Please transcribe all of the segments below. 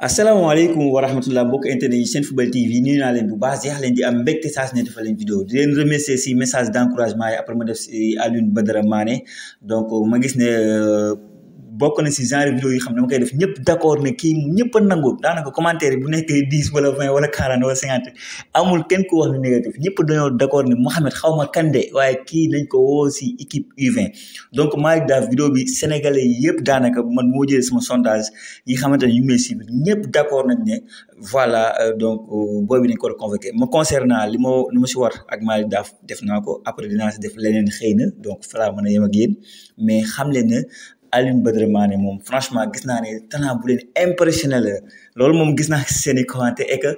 asalaamaaleykum wa rahmatullah mbokk internet yi seen football TV nuyu na leen bu baax jeex leen di am mbégte saa su ne dafa leen vidéo di leen remercier si message d' après ma def si Alioune Badara Mané donc ma gis ne. Euh, bokk na si genre vidéo yi xam ne dama koy def ñëpp d' accord ne kii ñëpp a nangu daanaka commentaire yi bu nekkee dix wala vingt wala quarante wala cinquante amul kenn ku wax ne négatif ñëpp ma kande waaye kii nañ ko woo si équipe yëpp daanaka man moo jëlee sama sondage yi xamante ne yu may suivre ñëpp d' nañ ne euh, donc euh, booy bi ko war a convoqué ma concernant li ma li ma si war ak Malick Daaf def naa ko après dinaa si def leneen xëy na donc falaa mën a yem ak yéen mais xam leen ne Alioune Badara mom franchement gis naa ne talent bu leen impressionné la loolu moom gis naa seen i commentaire et que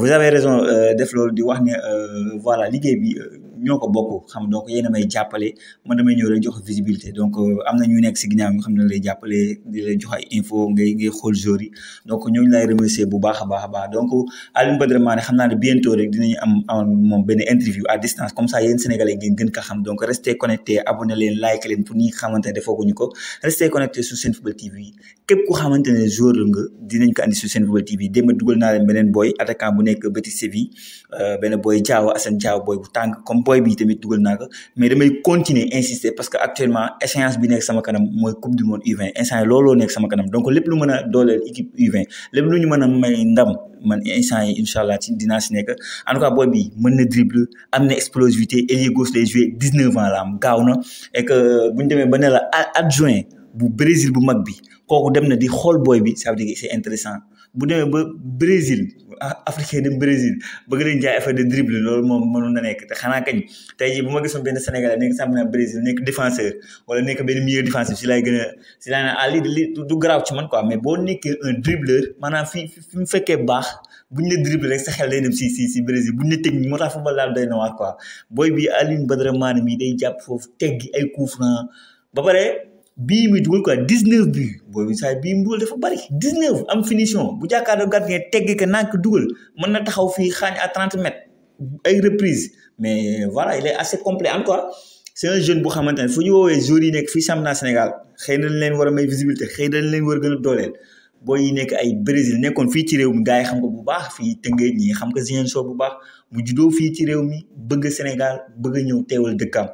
vous avez raison euh, def loolu di wax ne euh, voilà liggéey bi euh, ñoo ko bokk xam donc yéen a may jàppale man damay ñëw rek jox visibilité donc euh, am na ñu nekk si ginnaaw ñu xam ne lay jàppale di leen jox ay info yi donc ñooñu laay remercier bu baax baax a baax donc Alioune Badara Mané xam naa ne bientôt rek dinañu am am moom benn interview à distance comme ça yéen Sénégalais ngeen gën ko xam donc restez connecté abonné leen like pour ñi nga xamante ne defooguñu ko restez connecté sur Senfootball TV képp ku xamante ne joueur nga dinañ ko andi sur Senfootball TV démb dugal naa leen beneen booy attaquant bu nekk Betis Séville Euh, benn boy jaaw Assane jaaw boy bu tàng comme boy bi tamit dugal naa ko mais damay continuer insister parce que actuellement échéance bi nekk sama kanam mooy coupe du monde U20 instant yi looloo nekk sama kanam donc lépp lu mën a dooleel équipe U20 lépp lu ñu mën a may ndam man instant yi incha allah ci dinaa si nekk en tout cas boy bi mën na dribble am na explosivité ailier gauche lay joué 19 ans la am gaaw na et que bu ñu demee ba ne la adjoint bu Brésil bu mag bi kooku dem na di xool boy bi ça veut dire que c'est intéressant bu demee ba Brésil africain dem Brésil bëgg leen jaay affaire de dribble loolu moom mënul na nekk te xanaa kañ tey jii bu ma gisoon benn Sénégalais nekk championnat Brésil nekk défenseur wala nekk benn milieu défensif si laay gën a si laay naan ah lii lii du garaaw ci man quoi mais boo nekkee un dribbleur maanaam fi fi mu baax buñ ne dribble rek sa xel day booy bi Alioune Badara Mané mi day jàpp foofu teggi ay coup franc ba bii muy dugal quoi 19 buts booy bi saa bii mu dugal dafa bari 19 am finition bu jàkkaarloo gardien tegg ko nànk dugal mën na taxaw fii xaañ à 30 mètres ay reprise mais euh, voilà il est assez complet encore c' est un jeune bu xamante ne fu ñu woowee jour yi nekk fii championnat Sénégal xëy na leen war a may visibilité xëy na leen war a gën a dooleel booy yi nekk ay Brésil nekkoon fii ci réew mi gars yi xam ko bu baax fii Tëngéej ñi xam ko Ziguinchor bu baax mu juddoo fii ci réew mi bëgg Sénégal bëgg ñëw teewal dëkkam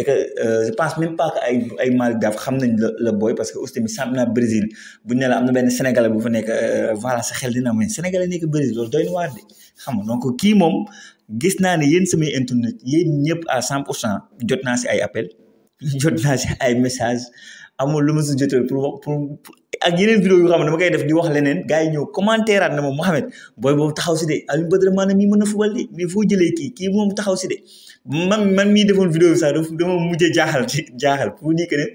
et que euh, je pense ay ay Malick Daaf xam nañ la la booy parce que aussi tamit championnat Brésil bu ne la am na benn sénégalais bu fa nekk euh, voilà sa xel dina am sénégalais nekk Brésil loolu doy na waar de xam nga donc kii moom gis naa ne yéen samay internet yéen ñëpp à 100 pour jot naa si ay appel jot naa ay message amul lu ma si jotee pour pour ak yeneen vidéo yu xam ne dama koy def di wax leneen gars yi ñëw commentaire at na ma Mouhamed booy boobu taxaw si de Aliou Badara maanaam mii mën na fubal de mais foo jëlee kii kii moom taxaw si de man man mii defoon vidéo bi sax dama mujjee jaaxal jaaxal pour dire que ne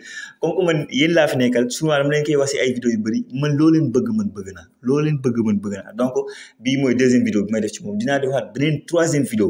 comme que man yéen laa fi nekkal souvent dama leen koy wax si ay vidéo yu bëri man loo leen bëgg man bëgg na loo leen bëgg man bëgg na donc bii mooy deuxième vidéo bi may def ci moom dinaa defaat beneen troisième vidéo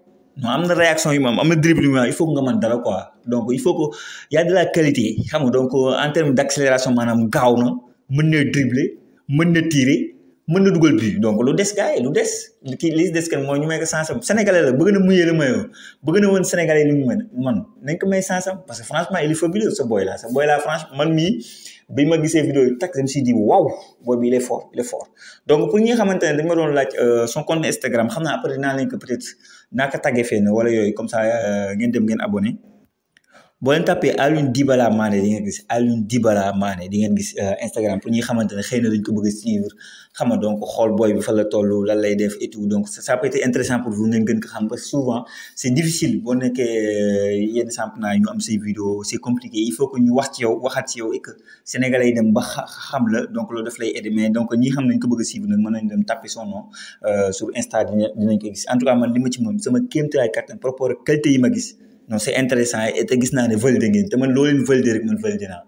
am na réaction yi ma am am na dribbling il faut que nga mën dara quoi donc il faut que y a de la qualité xam nga donc euh, en terme d' accélération maanaam gaaw na mën na dribbler mën na tirer mën na dugal bi donc lu des gars yi des kii li des kan mooy ñu may ko sens am sénégalais na muyee la mayoo bëgg na woon sénégalais mu man nañ ko may sens parce que franchement il est fabuleux sa boy la sa boy la franchement man mii bi ma gisee vidéo yi tak je me suis dit waaw booy il est il est donc pour ñi nga xamante ne dañ ma doon laaj euh, son compte Instagram xam naa après dinaa leen naa ko tàggee fenn wala yooyu comme ça euh, ngeen dem ngeen abonné boo tapé Alun Dibala Mané di Dibala Mane, euh, Instagram pour ñi xamante ne ko suivre donc boy bi fa la toll lan lay et tout donc ça peut être intéressant pour vous ngeen que souvent c'est difficile boo nekkee euh, yenn Vous ñu am vidéo c'est compliqué il faut que ñu wax ci et que sénégalais dem ba xam la donc lay donc ñi xam nañ ko bëgg suivre son nom euh, sur Insta en tout cas man vous ci sama qualité non c' est intéressant et te gis naa ne validé ngeen te man loolu leen validé rek man validé naa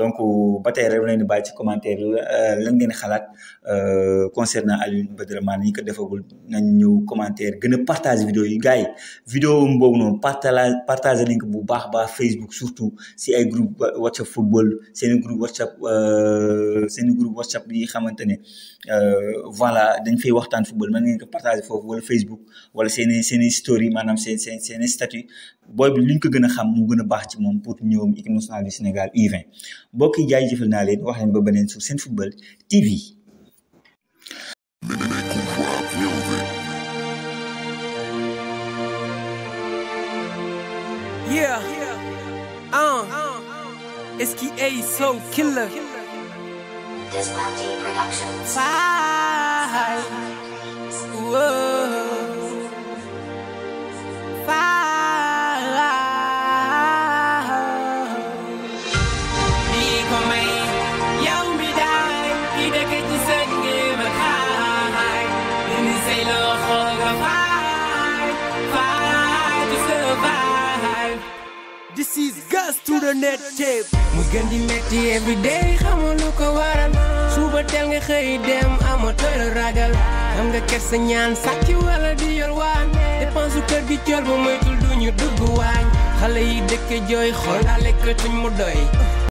donc euh, ba tey rek leen di bàyyi ci commentaire euh, lan ngeen xalaat euh, concernant Alioune Badara Mané ñi ko defagul nañ ñëw commentaire gën a partage vidéo yi gars yi vidéo boobu noonu partage partage nañ ko bu baax a baax Facebook surtout si ay groupe WhatsApp football seen groupe WhatsApp seen groupe WhatsApp yi xamante ne voilà dañ fay waxtaan football mën ngeen ko partagé foofu wala Facebook wala seen i seen story maanaam seen seen seen i statut booy bi liñ ko gën a xam gën a baax ci moom pour équipe nationale du Sénégal U20 mbokk yi jaay jëfal naa leen wax leen ba beneen sur seen football TV. Yeah, uh, Killer. Bye. Whoa. This is Gas to the Net tape. we gën be métti everyday xamoo lu ko waral suba teel I'm dem amatoo ragal xam nga kersa ñaan sàcc wala di yor waan dépense su kër gi you, ba moytul du ñu dugg waañ xale yi dëkk jooy xool daal lekk to mu doy.